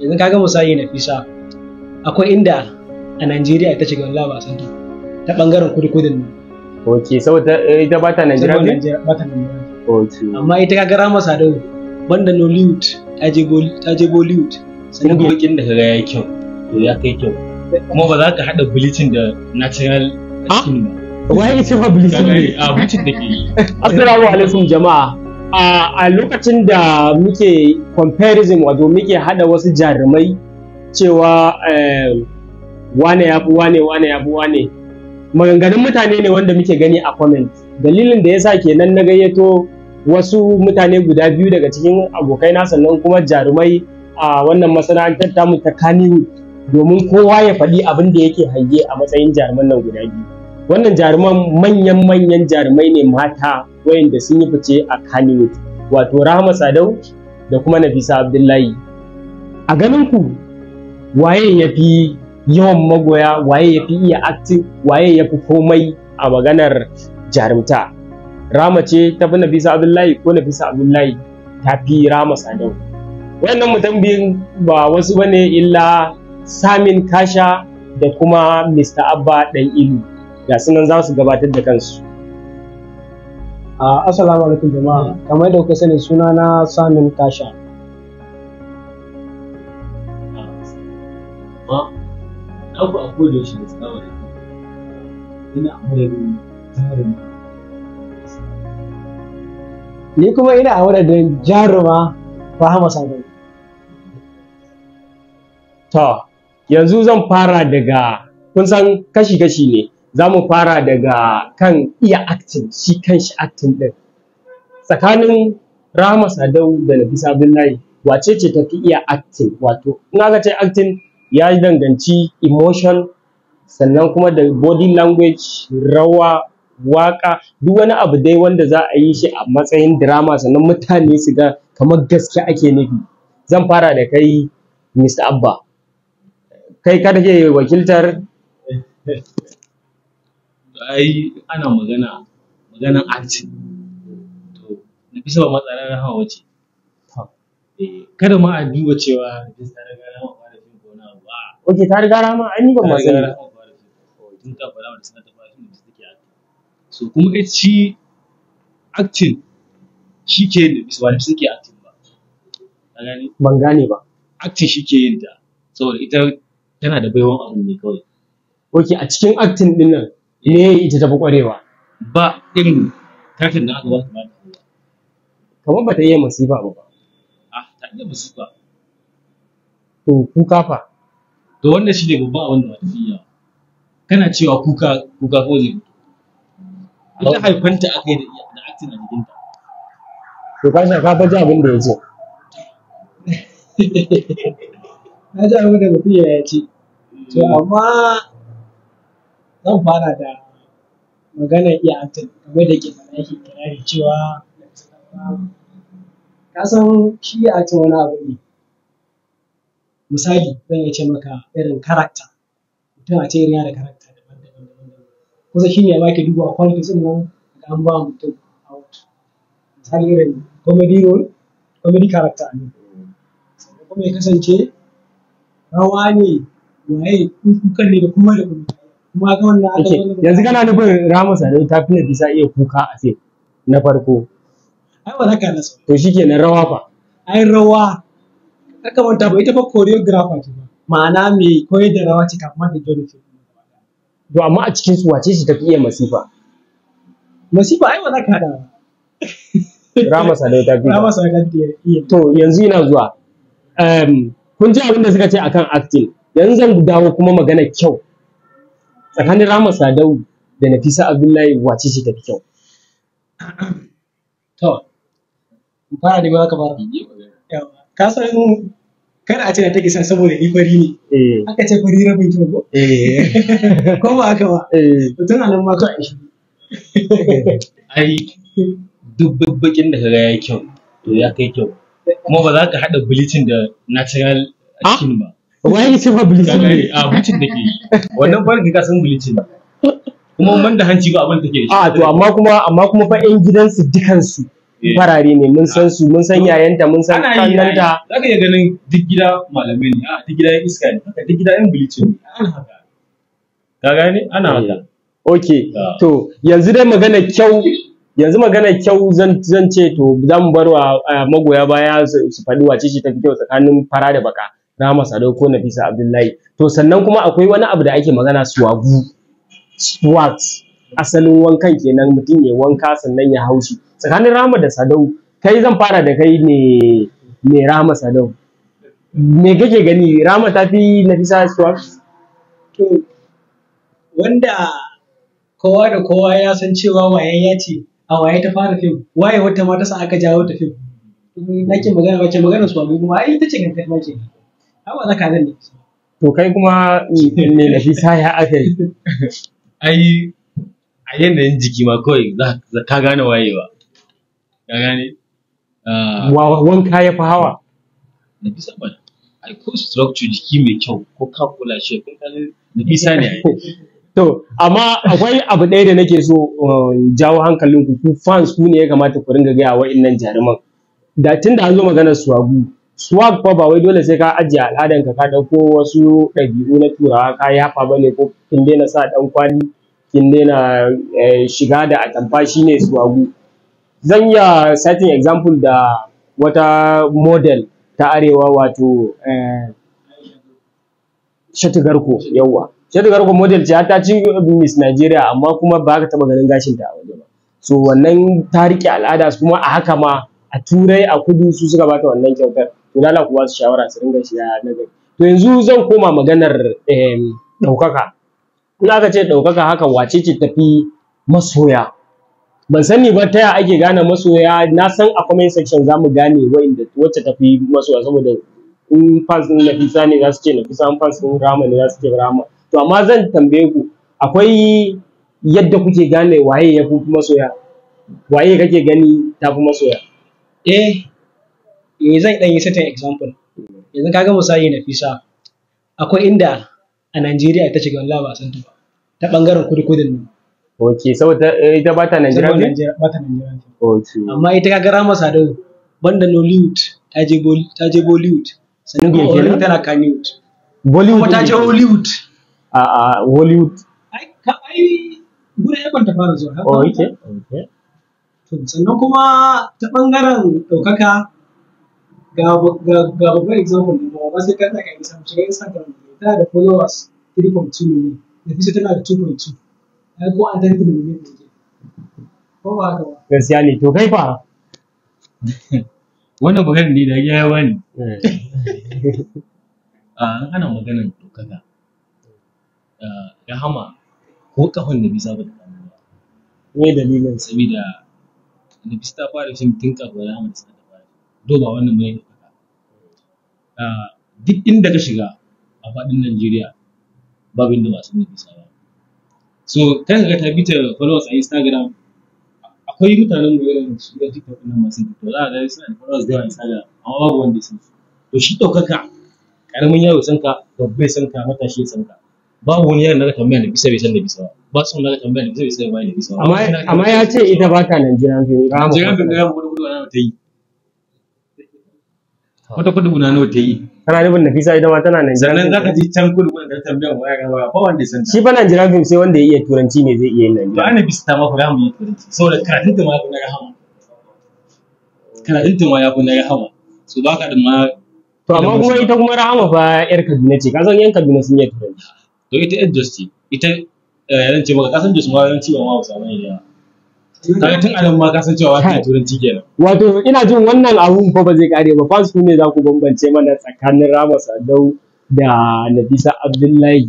yanzu kaga misali na fisa akwai inda a Najeriya ita shiga wallahi ba san ta ta bangaren kudu kudin nan ok saboda ita ba ta Najeriya ba ta Najeriya ok amma ita kaga Rama Sadau banda Nollywood ta je ta je Bollywood sannan wakin da kaga yayi kyau to ya kai kyau kuma ba za ka hada bulletin da natural skin ba wai ita ba bulletin ne a bulletin da ke assalamu alaikum jama'a a lokacin da muke comparison wato muke hada wasu jarumai cewa eh, wane ya fi wane wane ya fi wane maganganun mutane ne wanda muke gani a comment dalilin da ya sa kenan na gayyato wasu mutane guda biyu daga cikin abokai na sannan kuma jarumai a wannan masana'antar tamu ta kaniwu domin kowa ya faɗi abin da yake hange a matsayin jaruman nan guda biyu wannan jaruman manyan manyan jarumai ne mata wayanda sun yi fice a Kannywood wato Rahama Sadau da kuma Nafisa Abdullahi a ganin ku waye ya fi yawan magoya waye ya fi iya active waye ya fi komai a maganar jarumta Rama ce ta fi Nafisa Abdullahi ko Nafisa Abdullahi ta fi Rama Sadau wannan mutum biyun ba wasu bane illa Samin Kasha da kuma Mr. Abba Dan Ilu ga sunan za su gabatar da kansu Assalamu alaikum jama'a kamar yadda kuka sani suna na Samin Kasha. Abu a da tsawa da ina Ni kuma ina a madadin jaruma hama sabon To yanzu zan fara daga kun san kashi-kashi ne. za mu fara daga kan iya acting shi kan shi acting ɗin tsakanin rahma Sadau da Nafisa Abdullahi wace ce tafi iya acting wato in aka ce acting ya danganci emotion sannan kuma da body language rawa waka duk wani abu dai wanda za a yi shi a matsayin drama sannan mutane su ga kamar gaske ake nufi zan fara da kai Mr. Abba kai ka ke wakiltar ai ana magana maganan acting to Nafisa ba matsalar rahama wace eh, kada ma a duba cewa Nafisa ta riga ba da fim ko na ba oke ta riga rahama an yi ba ma sani tun ta fara wata sanata fara fim da take acting so kuma ita shi acting shi ke yin da. Nafisa ba Nafisa ke actin ba ban gane ba Actin shi ke yin ta saboda ita tana da baiwan abu ne kawai oke a cikin actin din nan me ita tafi kwarewa ba irin tashin da aka ba ta kamar ba ta yi masifa ba ba ah ta iya masifa to kuka fa to wannan shine babban abin da ba ta iya kana cewa kuka kuka ko ne ita haifanta akai da da aktin a jikinta to ka sha ka baje abin da ya ce na ji abin da mutum ya ce to amma zan fara da magana iya acting game da ke faɗa yake kirari cewa ka san shi iya acting wani abu ne misali zan iya ce maka irin karakta mutum a ce irin yana da karakta daban-daban kusa shi ne ma ke duba a kwalitis ɗin nan da an ba mutum out misali irin comedy role comedy character ne sannan kuma ya kasance rawa ne waye kukan ne da kuma da kuma yanzu kana nufin Rama Sadau ta fi Nafisa iya kuka a fim na farko. Ai ba haka na To shikenan rawa fa. Ai rawa haka manta ba ita ba choreographer ce ba. Ma'ana me koyar da rawa ce kafin da jori ce. To amma a cikin su wace shi ta fi iya masifa? Masifa ai ba za ka haɗa Rama Sadau ta fi. Rama Sadau ta fi iya. To yanzu ina zuwa. kun ji abin da suka ce akan acting. Yanzu zan dawo kuma magana kyau. tsakanin Rama Sadau da Nafisa Abdullahi wace ce fi kyau? To, fara da ba ka fara. Ka san kar a ce da take san saboda ni fari ne. Eh. Aka ce fari rabin kyau ko? Eh. Ko ba haka ba? Mutum eh. a nan ma ka shi. Ai, duk babbakin da ka ga ya kyau, to ya kai kyau. Kuma ba za ka haɗa bilicin da natural a ah? cikin ba. waye ce ma bleaching ne a ah, bleaching da ke wannan farin ka san bleaching ne kuma man da hanci ba abin da ke a ah, to amma kuma amma kuma fa yan gidansu dukansu eh. farare ne mun san su mun san yayanta mun san Za zaka iya ganin duk gida malamai ne a ah, duk gida iska ne haka duk gida yan bleaching ne ana haka ka gane ana eh. haka ok to yanzu dai magana kyau yanzu magana kyau zan ce to za mu bar wa eh, magoya baya su faɗi wace ce ta fi kyau tsakanin fara da baka Rahama Sadau ko Nafisa Abdullahi to sannan kuma akwai wani abu da ake magana suwagu. swat asalin wankan kenan mutum ya wanka sannan ya haushi tsakanin Rahama da Sadau kai zan fara da kai ne me Rahama Sadau me kake gani Rahama ta fi Nafisa swat to wanda kowa da kowa ya san cewa ya ce a waye ta fara fim waye wata mata sa aka jawo ta fim nake magana wace magana su kuma ai ta ce gangan ma kenan zaka ne. To kai kuma me Nafisa ya aka yi? Ai a yanayin jiki ma kawai za ka gane wayewa. Ka gane? Ah. Wanka ya fi hawa. fi ba. Ai ko structure jiki mai kyau ko ka kula shi kun gane Nafisa ne. To, amma akwai abu ɗaya da nake so uh, jawo hankalin ku fans ku ne ya kamata ku ringa gaya wa'innan jaruman. Da tun da an zo maganar Suwagu, swag fa ba wai dole sai ka ajiye al'adan ka ka dauko wasu ɗabi'u na turawa ka yafa ne, ko kin daina sa dan kwali kin daina eh, shiga da atamfa shine swagu zan iya setting example da wata model ta arewa wato eh, shatigarko yawa shatigarko model ce ta ci miss nigeria amma kuma ba ka taba ganin gashin ta a waje ba so wannan ta rike al'ada kuma a haka ma a turai a kudu su suka bata wannan kyautar to kuwa su shawara su ringa shiga na to yanzu zan koma maganar ɗaukaka in aka ce ɗaukaka haka wace ce tafi masoya ban sani ba ta ake gane masoya na san a comment section za gane wanda wacce tafi masoya saboda in fans ɗin Nafisa ne za su ce Nafisa in fans ɗin Rama ne za su ce Rama to amma zan tambaye ku akwai yadda kuke gane waye ya fi masoya waye kake gani ta fi masoya eh eh zan dan yi certain example yanzu kaga misali Nafisa akwai inda a Najeriya ita ce ga wallahi ba san ta ba ta bangaren kudu kudin nan ok saboda eh, ita ba ta Najeriya ne ba ta Najeriya ok amma ita kaga Rama Sadau banda Nollywood ta je ta je Bollywood sannan kuma tana Kanywood. Bollywood kuma ta je Hollywood a a Hollywood ai gure ya kwanta fara zuwa ok ok sannan kuma ta bangaren ɗaukaka ga babban example ne ba ba sai ka ta kai misali shiga instagram ta da followers 3.2 million da fice tana da 2.2 ai ko an ta da miliyan ne ko ba haka ba gaskiya ne to kai fa wannan maganar ne da ya yawa ne an hana maganar dokaka rahama ah, ko kafan da bisa ba da ba me dalilin sabida da bisa ta fara shin tun kafin rahama da do wannan mai faɗa ah, duk inda ka shiga a faɗin Najeriya babu inda ba su ne bisa ba so kai ga ta bita followers a Instagram akwai mutanen da irin su cikin TikTok din masu to za a ga suna da followers da yawa Instagram amma babu wanda ya su to shi daukaka karamin yaro san ka babbai san ka matashi san ka babu wani yaron daga tambaya da bisa bai san da bisa ba su daga tambaya da bisa bai san da bisa amma ya ce ita ba ta Nigerian mu Nigerian film da ya gudu gudu na ta yi wata kudu na nawa ta yi kana nufin Nafisa ita ma tana nan sannan zaka ji can kudu ta tambayan waya ga ba wanda san shi ba Nigerian film sai wanda ya iya turanci ne zai iya yin Nigerian to ana bisa ta ma fara mu yi turanci saboda karatun ta ma ku na rahama karatun ta ma ya ku na hama, so ka da ma to amma kuma ita kuma rahama fa yar Kaduna ce ka san yan Kaduna sun yi turanci to ita industry ita yaran eh, ce baka kasan da su ma yan ciwon ma ba samu ne kaga tun anan ma ka san cewa wato turanci kenan wato ina jin wannan abun fa ba zai kare ba fast ne za ku bambance mana tsakanin Rama Adau da Nafisa Abdullahi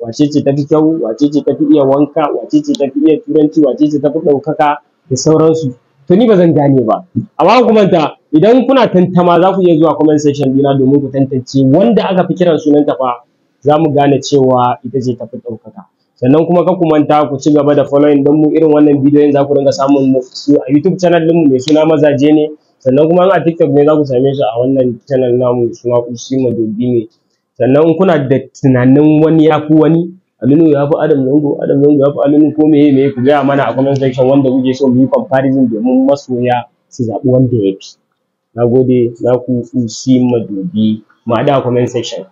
wace ce tafi kyau wace ce tafi iya wanka wace ce tafi iya turanci wace ce tafi ɗaukaka da sauransu to ni ba zan gane ba amma ku manta idan kuna tantama za ku iya zuwa comment section dina domin ku tantance wanda aka fi kiran sunanta fa za mu gane cewa ita ce tafi ɗaukaka sannan kuma ka kumanta ku ci gaba da following don mu irin wannan bidiyoyin za ku dinga samun su a YouTube channel mu mai suna mazaje ne sannan kuma a TikTok ne za ku same shi a wannan channel namu suna Kusi Madobi ne sannan kuna da tunanin wani ya fi wani Aminu ya fi Adam Zango Adam Zango ya fi Aminu ko meye meye ku gaya mana a comment section wanda kuke so mu yi comparison domin masoya su zaɓi wanda ya fi na gode na ku Kusi Madobi mu haɗa a comment section